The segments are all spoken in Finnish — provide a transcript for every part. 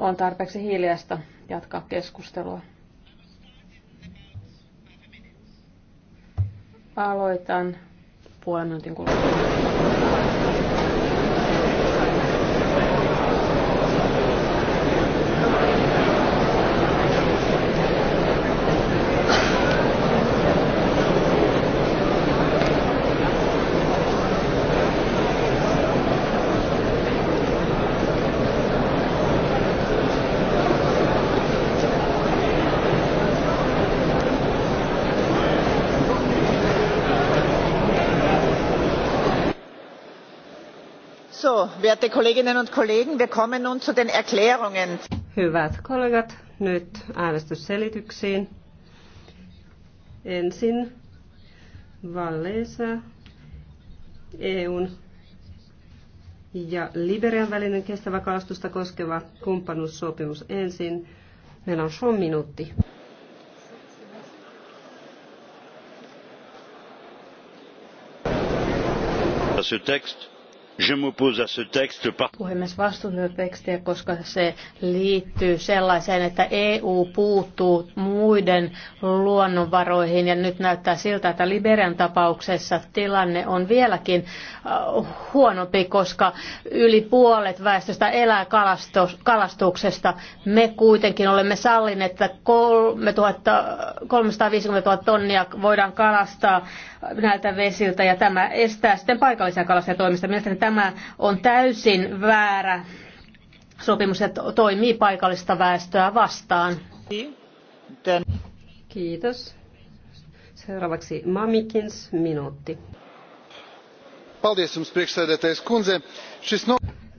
on tarpeeksi hiljasta jatkaa keskustelua. Aloitan puolen minuutin kuluttua. werte Kolleginnen und Kollegen, wir kommen nun zu den Erklärungen. Hyvät kollegat, nyt äänestysselityksiin. Ensin Valleessa EUn ja Liberian välinen kestävä kalastusta koskeva kumppanuussopimus ensin. Meillä on Sean minuutti. Ce texte Je m'oppose à ce texte par... Puhemies vastustaa tekstiä, koska se liittyy sellaiseen, että EU puuttuu muiden luonnonvaroihin ja nyt näyttää siltä, että Liberian tapauksessa tilanne on vieläkin äh, huonompi, koska yli puolet väestöstä elää kalastuksesta. Me kuitenkin olemme sallineet, että 350 000 tonnia voidaan kalastaa näiltä vesiltä ja tämä estää sitten paikallisia kalastajatoimista. Mielestäni tämä Tämä on täysin väärä sopimus ja toimii paikallista väestöä vastaan. Kiitos. Seuraavaksi Mamikins, minuutti. No-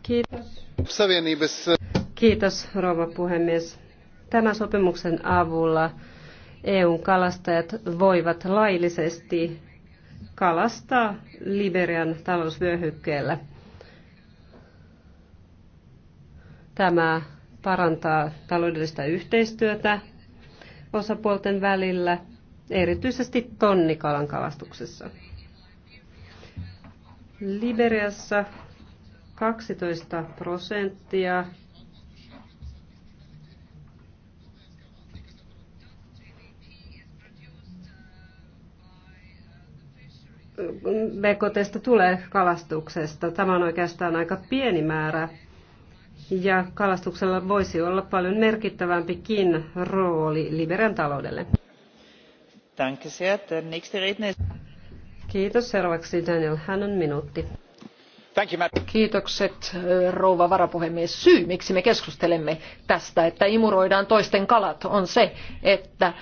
Kiitos. Eh, Kiitos, rouva puhemies. Tämän sopimuksen avulla EUn kalastajat voivat laillisesti kalastaa Liberian talousvyöhykkeellä. Tämä parantaa taloudellista yhteistyötä osapuolten välillä, erityisesti tonnikalan kalastuksessa. Liberiassa 12 prosenttia BKTstä tulee kalastuksesta. Tämä on oikeastaan aika pieni määrä. Ja kalastuksella voisi olla paljon merkittävämpikin rooli Liberian taloudelle. Kiitos. Seuraavaksi Daniel Hannon minuutti. Kiitokset eh, rouva varapuhemies. Syy, miksi me keskustelemme tästä, että imuroidaan toisten kalat, on se, että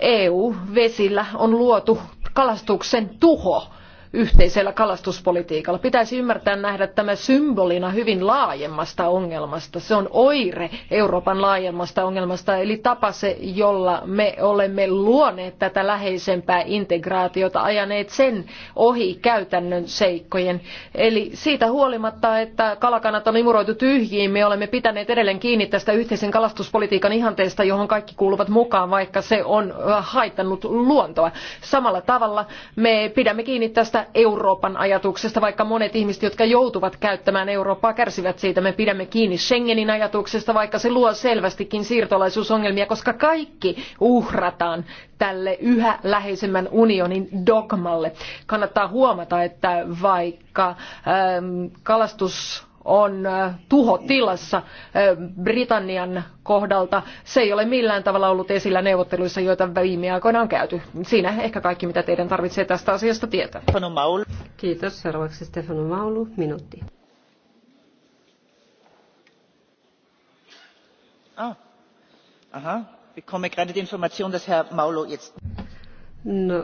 EU-vesillä on luotu kalastuksen tuho yhteisellä kalastuspolitiikalla. Pitäisi ymmärtää nähdä tämä symbolina hyvin laajemmasta ongelmasta. Se on oire Euroopan laajemmasta ongelmasta, eli tapa se, jolla me olemme luoneet tätä läheisempää integraatiota, ajaneet sen ohi käytännön seikkojen. Eli siitä huolimatta, että kalakannat on imuroitu tyhjiin, me olemme pitäneet edelleen kiinni tästä yhteisen kalastuspolitiikan ihanteesta, johon kaikki kuuluvat mukaan, vaikka se on haitannut luontoa. Samalla tavalla me pidämme kiinni tästä Euroopan ajatuksesta, vaikka monet ihmiset, jotka joutuvat käyttämään Eurooppaa, kärsivät siitä. Me pidämme kiinni Schengenin ajatuksesta, vaikka se luo selvästikin siirtolaisuusongelmia, koska kaikki uhrataan tälle yhä läheisemmän unionin dogmalle. Kannattaa huomata, että vaikka ähm, kalastus on tuhotilassa Britannian kohdalta. Se ei ole millään tavalla ollut esillä neuvotteluissa, joita viime aikoina on käyty. Siinä ehkä kaikki, mitä teidän tarvitsee tästä asiasta tietää. Kiitos. Seuraavaksi Stefano Maulu, minuutti. Ah. Aha. Bekomme gerade die Information, dass Herr Maulo jetzt... No,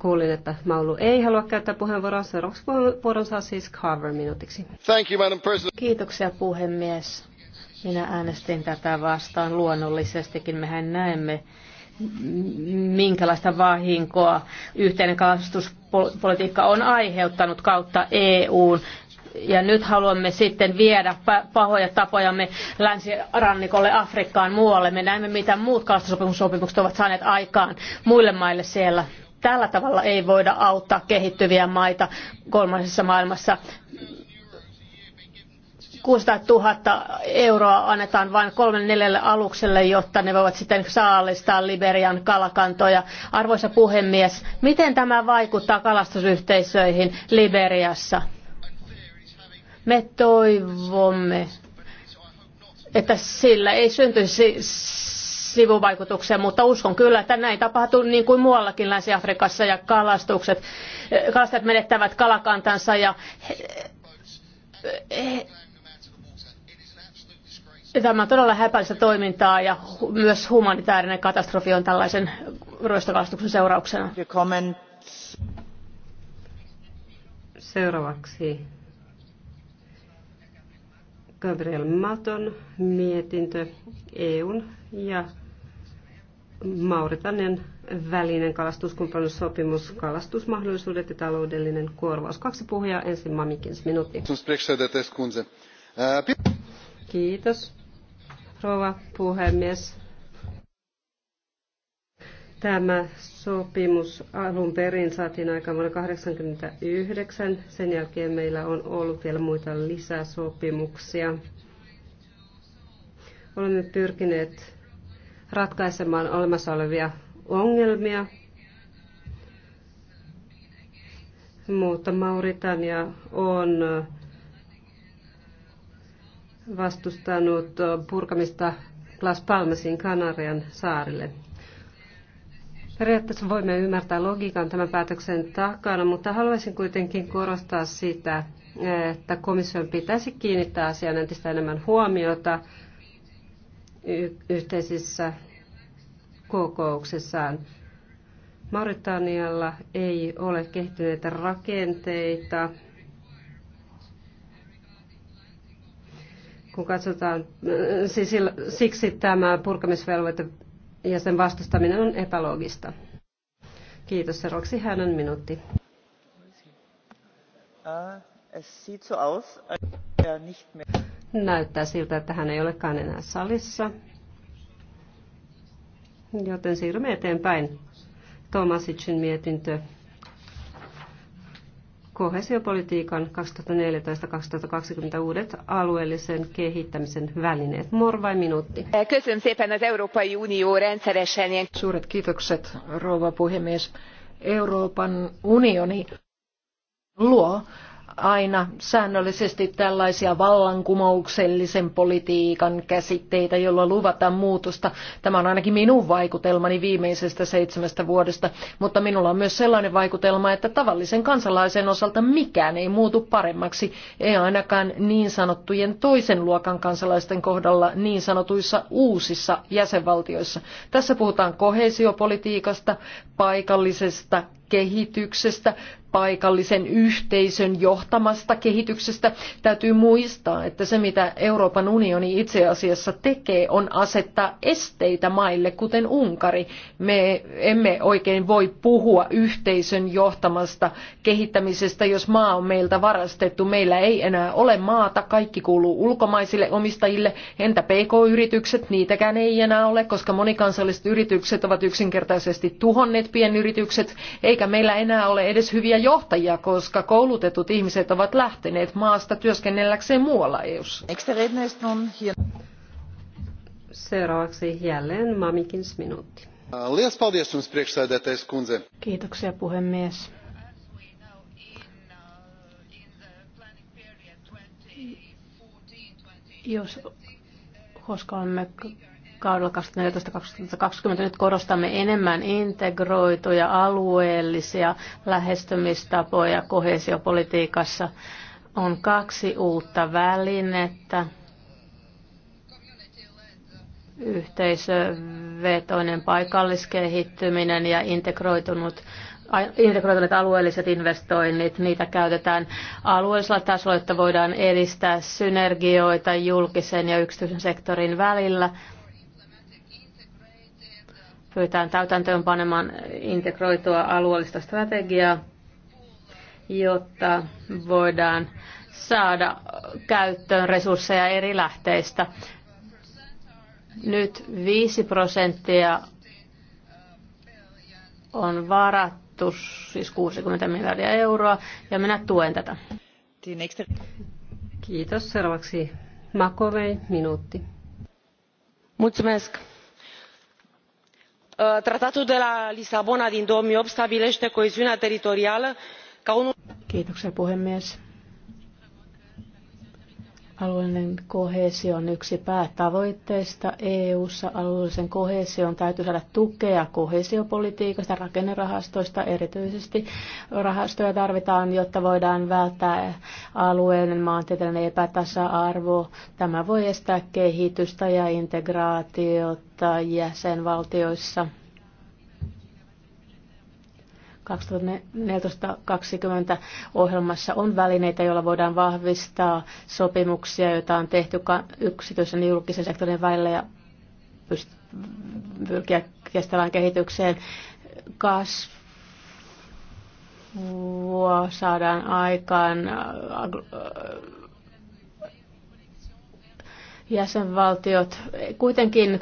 kuulin, että Maulu ei halua käyttää puheenvuoroa. Seuraavaksi puheenvuoron saa siis Carver minuutiksi. Thank you, Madam President. Kiitoksia puhemies. Minä äänestin tätä vastaan luonnollisestikin. Mehän näemme, minkälaista vahinkoa yhteinen kalastuspolitiikka on aiheuttanut kautta EUn ja nyt haluamme sitten viedä pahoja tapojamme länsirannikolle Afrikkaan muualle. Me näemme, mitä muut kalastusopimukset ovat saaneet aikaan muille maille siellä. Tällä tavalla ei voida auttaa kehittyviä maita kolmansessa maailmassa. 600 000 euroa annetaan vain kolmen neljälle alukselle, jotta ne voivat sitten saalistaa Liberian kalakantoja. Arvoisa puhemies, miten tämä vaikuttaa kalastusyhteisöihin Liberiassa? Me toivomme, että sillä ei syntyisi sivuvaikutuksen, mutta uskon kyllä, että näin tapahtuu niin kuin muuallakin Länsi-Afrikassa ja kalastukset. Kalastajat menettävät kalakantansa ja Tämä on todella häpäistä toimintaa ja myös humanitaarinen katastrofi on tällaisen ryöstökalastuksen seurauksena. Seuraavaksi Gabriel Maton mietintö EUn ja Mauritanian välinen kalastuskumppanuussopimus, kalastusmahdollisuudet ja taloudellinen korvaus. Kaksi puhujaa, ensin Mamikins minuutti. Kiitos, rouva puhemies. Tämä sopimus alun perin saatiin aikaan vuonna 1989. Sen jälkeen meillä on ollut vielä muita lisäsopimuksia. Olemme pyrkineet ratkaisemaan olemassa olevia ongelmia, mutta Mauritania on vastustanut purkamista Las Palmasin Kanarian saarille. Periaatteessa voimme ymmärtää logiikan tämän päätöksen takana, mutta haluaisin kuitenkin korostaa sitä, että komission pitäisi kiinnittää asiaan entistä enemmän huomiota yhteisissä kokouksessaan. Mauritanialla ei ole kehittyneitä rakenteita. Kun katsotaan, siis siksi tämä purkamisvelvoite ja sen vastustaminen on epäloogista. Kiitos. Seuraavaksi hänen minuutti. Äh, äh, Näyttää siltä, että hän ei olekaan enää salissa. Joten siirrymme eteenpäin. Tomasicin mietintö kohesiopolitiikan 2014-2020 uudet alueellisen kehittämisen välineet. Morvai minuutti. Suuret kiitokset, rouva puhemies. Euroopan unioni luo aina säännöllisesti tällaisia vallankumouksellisen politiikan käsitteitä, jolla luvataan muutosta. Tämä on ainakin minun vaikutelmani viimeisestä seitsemästä vuodesta, mutta minulla on myös sellainen vaikutelma, että tavallisen kansalaisen osalta mikään ei muutu paremmaksi, ei ainakaan niin sanottujen toisen luokan kansalaisten kohdalla niin sanotuissa uusissa jäsenvaltioissa. Tässä puhutaan kohesiopolitiikasta, paikallisesta kehityksestä, paikallisen yhteisön johtamasta kehityksestä. Täytyy muistaa, että se mitä Euroopan unioni itse asiassa tekee on asettaa esteitä maille, kuten Unkari. Me emme oikein voi puhua yhteisön johtamasta kehittämisestä, jos maa on meiltä varastettu. Meillä ei enää ole maata, kaikki kuuluu ulkomaisille omistajille. Entä PK-yritykset? Niitäkään ei enää ole, koska monikansalliset yritykset ovat yksinkertaisesti tuhonneet pienyritykset, eikä meillä enää ole edes hyviä johtajia, koska koulutetut ihmiset ovat lähteneet maasta työskennelläkseen muualla EU:ssa. Seuraavaksi jälleen Mamikins minuutti. Kiitoksia puhemies. Jos koska olemme kaudella 2014-2020 nyt korostamme enemmän integroituja alueellisia lähestymistapoja kohesiopolitiikassa. On kaksi uutta välinettä. Yhteisövetoinen paikalliskehittyminen ja integroitunut integroituneet alueelliset investoinnit, niitä käytetään alueellisella tasolla, että voidaan edistää synergioita julkisen ja yksityisen sektorin välillä pyritään täytäntöön panemaan integroitua alueellista strategiaa, jotta voidaan saada käyttöön resursseja eri lähteistä. Nyt 5 prosenttia on varattu, siis 60 miljardia euroa, ja minä tuen tätä. Kiitos. Seuraavaksi Makovei, minuutti. Mutsumesk. Uh, tratatul de la lisabona din două mii opt stabilește coeziunea teritorială ca unul. Alueellinen kohesio on yksi päätavoitteista EU-ssa. Alueellisen kohesion täytyy saada tukea kohesiopolitiikasta, rakennerahastoista erityisesti. Rahastoja tarvitaan, jotta voidaan välttää alueellinen maantieteellinen epätasa-arvo. Tämä voi estää kehitystä ja integraatiota jäsenvaltioissa 2014-2020 ohjelmassa on välineitä, joilla voidaan vahvistaa sopimuksia, joita on tehty yksityisen ja julkisen sektorin välillä ja pyrkiä kestävään kehitykseen. Kasvua saadaan aikaan äh, äh, jäsenvaltiot. Kuitenkin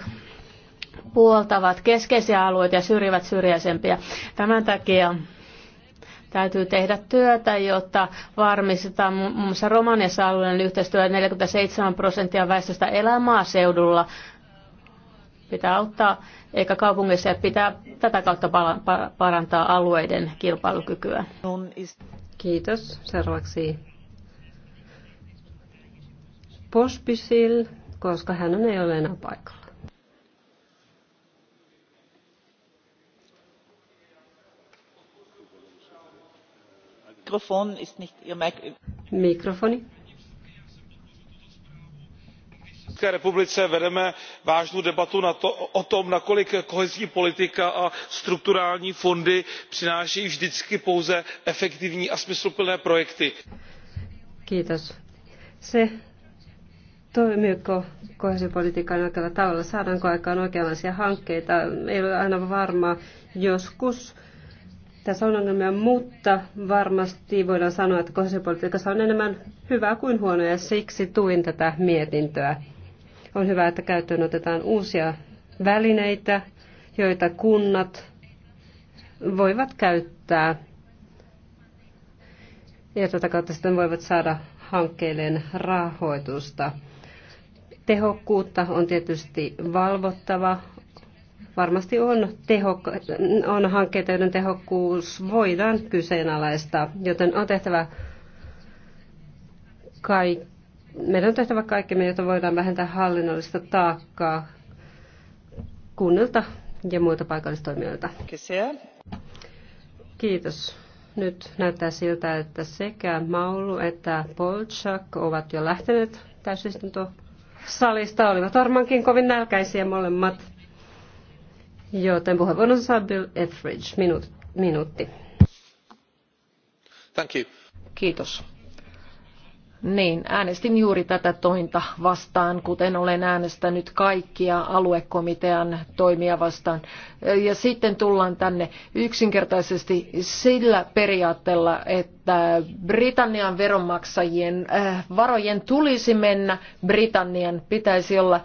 puoltavat keskeisiä alueita ja syrjivät syrjäisempiä. Tämän takia täytyy tehdä työtä, jotta varmistetaan muun muassa Romaniassa alueellinen yhteistyö. 47 prosenttia väestöstä elää maaseudulla. Pitää auttaa, eikä kaupungissa, ja pitää tätä kautta parantaa alueiden kilpailukykyä. Kiitos. Seuraavaksi Pospisil, koska hän ei ole enää paikalla. Mikrofon ist nicht ihr Mikrofoni. České republice vedeme vážnou debatu o tom, nakolik kohezní politika a strukturální fondy přinášejí vždycky pouze efektivní a smysluplné projekty. Kiitos. Se oikealla tavalla, saadaanko aikaan oikeanlaisia hankkeita, ei ole aina Joskus tässä on ongelmia, mutta varmasti voidaan sanoa, että kohdallisuuspolitiikassa on enemmän hyvää kuin huonoa ja siksi tuin tätä mietintöä. On hyvä, että käyttöön otetaan uusia välineitä, joita kunnat voivat käyttää ja tätä kautta sitten voivat saada hankkeilleen rahoitusta. Tehokkuutta on tietysti valvottava, Varmasti on, tehokka, on hankkeita, joiden tehokkuus voidaan kyseenalaistaa, joten on tehtävä kaikki. Meidän on tehtävä kaikkemme, jotta voidaan vähentää hallinnollista taakkaa kunnilta ja muilta paikallistoimijoilta. Kiitos. Nyt näyttää siltä, että sekä Maulu että Polchak ovat jo lähteneet täysistuntosalista. Olivat varmaankin kovin nälkäisiä molemmat. Joten puheenvuoron saa Bill Etheridge, minuut, minuutti. Thank you. Kiitos. Niin, äänestin juuri tätä tointa vastaan, kuten olen äänestänyt kaikkia aluekomitean toimia vastaan. Ja sitten tullaan tänne yksinkertaisesti sillä periaatteella, että Britannian veronmaksajien äh, varojen tulisi mennä Britannian, pitäisi olla äh,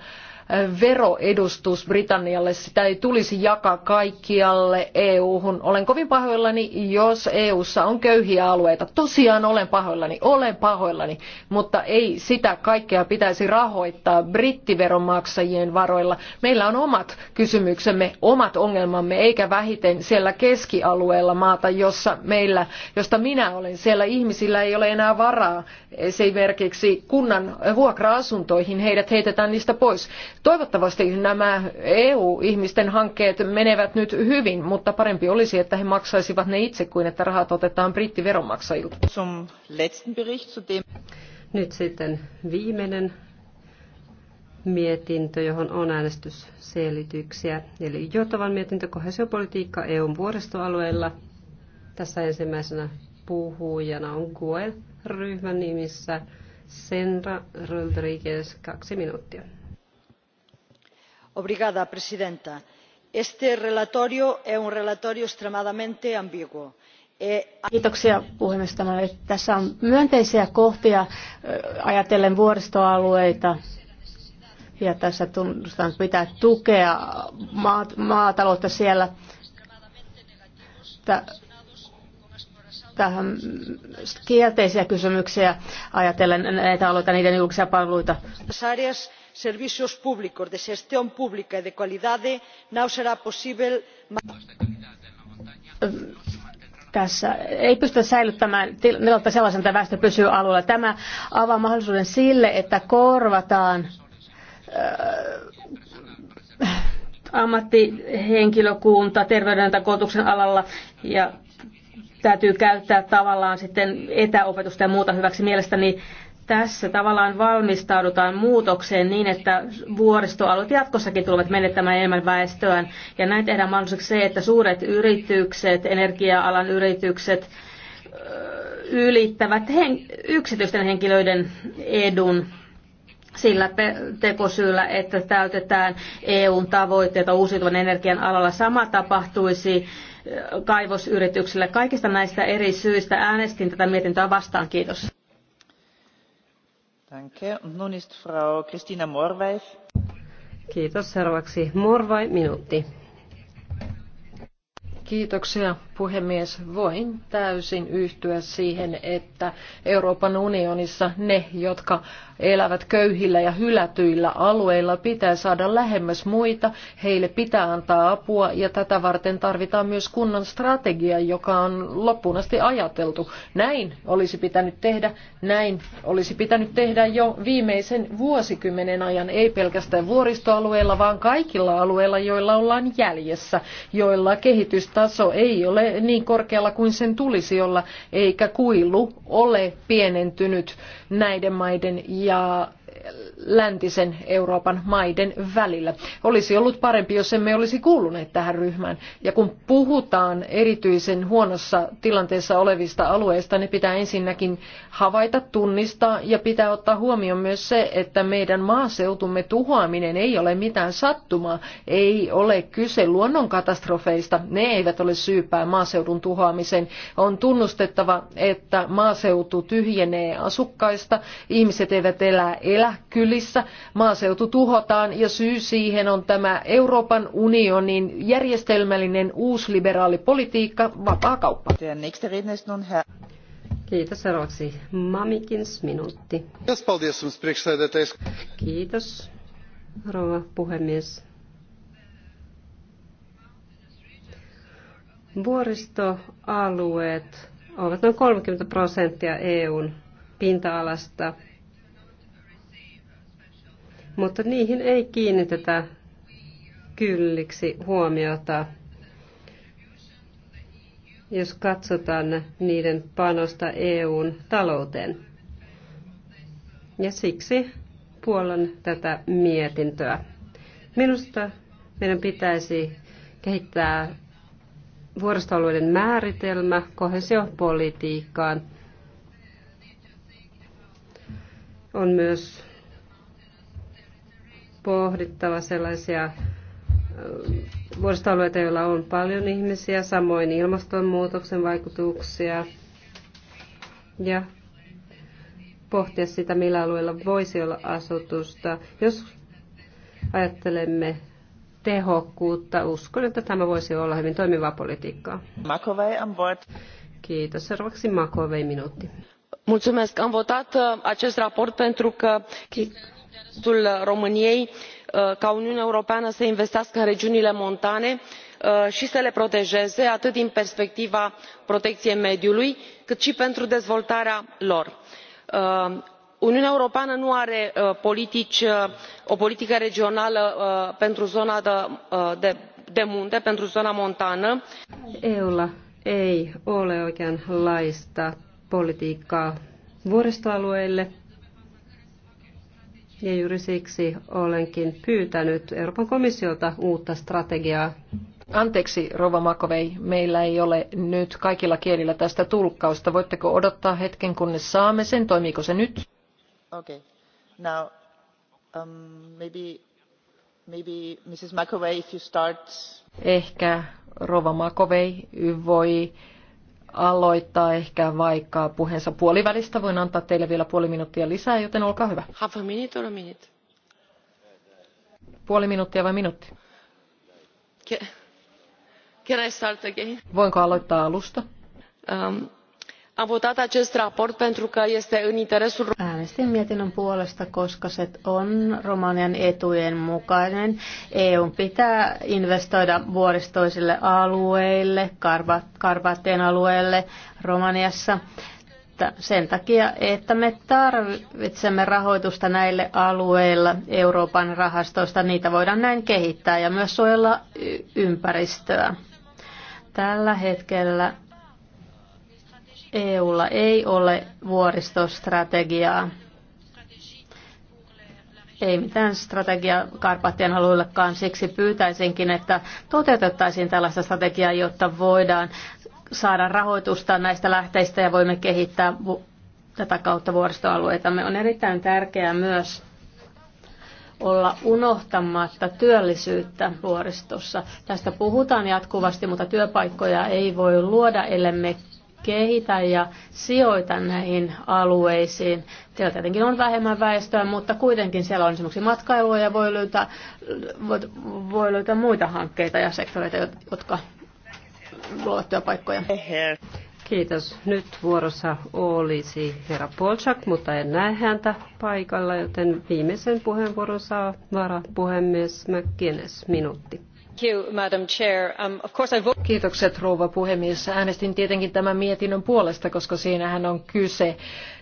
veroedustus Britannialle. Sitä ei tulisi jakaa kaikkialle EU-hun. Olen kovin pahoillani, jos EU:ssa on köyhiä alueita. Tosiaan olen pahoillani, olen pahoillani, mutta ei sitä kaikkea pitäisi rahoittaa brittiveronmaksajien varoilla. Meillä on omat kysymyksemme, omat ongelmamme, eikä vähiten siellä keskialueella maata, jossa meillä, josta minä olen. Siellä ihmisillä ei ole enää varaa esimerkiksi kunnan vuokra-asuntoihin, heidät heitetään niistä pois Toivottavasti nämä EU-ihmisten hankkeet menevät nyt hyvin, mutta parempi olisi, että he maksaisivat ne itse kuin että rahat otetaan brittiveronmaksajilta. Nyt sitten viimeinen mietintö, johon on äänestysselityksiä. Eli Jotavan mietintö kohesiopolitiikka EUn vuoristoalueilla. Tässä ensimmäisenä puhujana on Guel ryhmän nimissä Senra Rodriguez, kaksi minuuttia señora presidenta este relatorio es un relatorio extremadamente ambiguo. E Kiitoksia puhemies. Tässä on myönteisiä kohtia ajatellen vuoristoalueita ja tässä tunnustetaan, että pitää tukea maataloutta siellä. Tähän kielteisiä kysymyksiä ajatellen näitä alueita, niiden julkisia palveluita servicios públicos de xestión pública e de calidade non será posible tässä ei pystytä säilyttämään tilannetta sellaisena, että väestö pysyy alueella. Tämä avaa mahdollisuuden sille, että korvataan äh, ammattihenkilökunta terveyden ja koulutuksen alalla ja täytyy käyttää tavallaan sitten etäopetusta ja muuta hyväksi. Mielestäni tässä tavallaan valmistaudutaan muutokseen niin, että vuoristoalueet jatkossakin tulevat menettämään enemmän väestöään. Ja näin tehdään mahdolliseksi se, että suuret yritykset, energia-alan yritykset ylittävät hen- yksityisten henkilöiden edun sillä tekosyllä, että täytetään EUn tavoitteita uusiutuvan energian alalla. Sama tapahtuisi kaivosyrityksille. Kaikista näistä eri syistä äänestin tätä mietintöä vastaan. Kiitos arvoisa puhemies nun Kiitos. Seuraavaksi Morvai, minuutti. Kiitoksia puhemies. Voin täysin yhtyä siihen, että Euroopan unionissa ne, jotka elävät köyhillä ja hylätyillä alueilla, pitää saada lähemmäs muita. Heille pitää antaa apua ja tätä varten tarvitaan myös kunnan strategia, joka on loppuun asti ajateltu. Näin olisi pitänyt tehdä, näin olisi pitänyt tehdä jo viimeisen vuosikymmenen ajan, ei pelkästään vuoristoalueilla, vaan kaikilla alueilla, joilla ollaan jäljessä, joilla kehitystä taso ei ole niin korkealla kuin sen tulisi olla, eikä kuilu ole pienentynyt näiden maiden ja läntisen Euroopan maiden välillä. Olisi ollut parempi, jos emme olisi kuuluneet tähän ryhmään. Ja kun puhutaan erityisen huonossa tilanteessa olevista alueista, ne pitää ensinnäkin havaita, tunnistaa ja pitää ottaa huomioon myös se, että meidän maaseutumme tuhoaminen ei ole mitään sattumaa. Ei ole kyse luonnonkatastrofeista. Ne eivät ole syypää maaseudun tuhoamiseen. On tunnustettava, että maaseutu tyhjenee asukkaista. Ihmiset eivät elä elä Kylissä maaseutu tuhotaan ja syy siihen on tämä Euroopan unionin järjestelmällinen uusliberaali politiikka, vapaa kauppa. Kiitos seuraavaksi. Mamikins minuutti. Kiitos, rouva puhemies. Vuoristoalueet ovat noin 30 prosenttia EUn pinta-alasta mutta niihin ei kiinnitetä kylliksi huomiota. Jos katsotaan niiden panosta EUn talouteen. Ja siksi puolan tätä mietintöä. Minusta meidän pitäisi kehittää vuoristoalueiden määritelmä kohesiopolitiikkaan. On myös pohdittava sellaisia vuoristoalueita, joilla on paljon ihmisiä, samoin ilmastonmuutoksen vaikutuksia ja pohtia sitä, millä alueella voisi olla asutusta. Jos ajattelemme tehokkuutta, uskon, että tämä voisi olla hyvin toimivaa politiikkaa. Makovei on board. Kiitos. Seuraavaksi Makovei minuutti. Mulțumesc. Am votat uh, acest raport pentru că... Kiitos interesul româniei uh, ca uniunea europeană să investească în regiunile montane uh, și să le protejeze atât din perspectiva protecției mediului cât și pentru dezvoltarea lor. Uh, uniunea europeană nu are o politică regională pentru zona de munte pentru zona montană EUlla ei ole oikeanlaista politiikkaa vuoristoalueille ja juuri siksi olenkin pyytänyt Euroopan komissiolta uutta strategiaa. Anteeksi, Rova Makovei, meillä ei ole nyt kaikilla kielillä tästä tulkkausta. Voitteko odottaa hetken, kunnes saamme sen? Toimiiko se nyt? Okay. Now, um, maybe, maybe Mrs. McAvey, if you start... Ehkä Rova Makovei voi aloittaa ehkä vaikka puheensa puolivälistä. Voin antaa teille vielä puoli minuuttia lisää, joten olkaa hyvä. Half a minute or a minute? Puoli minuuttia vai minuutti? Can I start again? Voinko aloittaa alusta? Um, am votat acest raport pentru că este în interesul. äänestin mietinnön puolesta koska se on romanian etujen mukainen. eu pitää investoida vuoristoisille alueille karpaattien alueelle romaniassa sen takia, että me tarvitsemme rahoitusta näille alueilla Euroopan rahastoista. Niitä voidaan näin kehittää ja myös suojella ympäristöä. Tällä hetkellä EUlla ei ole vuoristostrategiaa. Ei mitään strategiaa Karpatian alueillekaan. siksi pyytäisinkin, että toteutettaisiin tällaista strategiaa, jotta voidaan saada rahoitusta näistä lähteistä ja voimme kehittää tätä kautta vuoristoalueitamme. On erittäin tärkeää myös olla unohtamatta työllisyyttä vuoristossa. Tästä puhutaan jatkuvasti, mutta työpaikkoja ei voi luoda, ellei me kehitä ja sijoita näihin alueisiin. Siellä tietenkin on vähemmän väestöä, mutta kuitenkin siellä on esimerkiksi matkailua ja voi löytää, voi, voi löytää muita hankkeita ja sektoreita, jotka luovat työpaikkoja. Kiitos. Nyt vuorossa olisi herra Polchak, mutta en näe häntä paikalla, joten viimeisen puheenvuoron saa varapuhemies McGuinness, minuutti arvoisa um, puhemies. Äänestin tietenkin tämän mietinnön puolesta, koska siinähän on kyse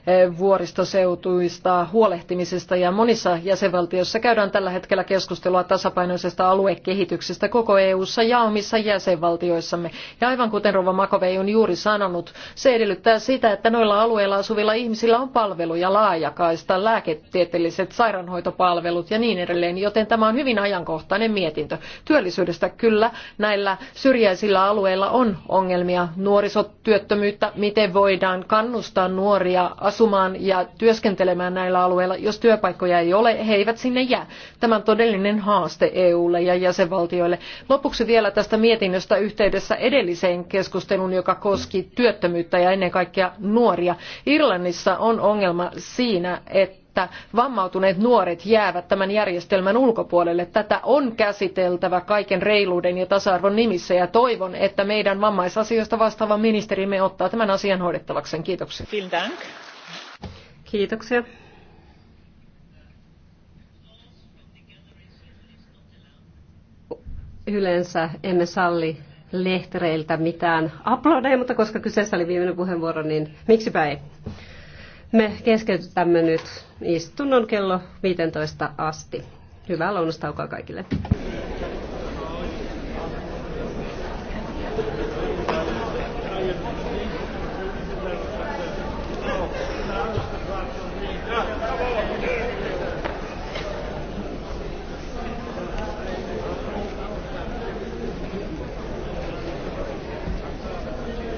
Eh, vuoristoseutuista huolehtimisesta ja monissa jäsenvaltioissa käydään tällä hetkellä keskustelua tasapainoisesta aluekehityksestä koko EU-ssa ja omissa jäsenvaltioissamme. Ja aivan kuten Rova Makovei on juuri sanonut, se edellyttää sitä, että noilla alueilla asuvilla ihmisillä on palveluja laajakaista, lääketieteelliset sairaanhoitopalvelut ja niin edelleen, joten tämä on hyvin ajankohtainen mietintö. Työllisyydestä kyllä näillä syrjäisillä alueilla on ongelmia, nuorisotyöttömyyttä, miten voidaan kannustaa nuoria asumaan ja työskentelemään näillä alueilla. Jos työpaikkoja ei ole, he eivät sinne jää. Tämä on todellinen haaste EUlle ja jäsenvaltioille. Lopuksi vielä tästä mietinnöstä yhteydessä edelliseen keskusteluun, joka koski työttömyyttä ja ennen kaikkea nuoria. Irlannissa on ongelma siinä, että että vammautuneet nuoret jäävät tämän järjestelmän ulkopuolelle. Tätä on käsiteltävä kaiken reiluuden ja tasa-arvon nimissä ja toivon, että meidän vammaisasioista vastaava ministerimme ottaa tämän asian hoidettavakseen. Kiitoksia. Vielen Kiitoksia. Yleensä emme salli lehtereiltä mitään aplodeja, mutta koska kyseessä oli viimeinen puheenvuoro, niin miksipä ei. Me keskeytämme nyt istunnon kello 15 asti. Hyvää lounastaukoa kaikille.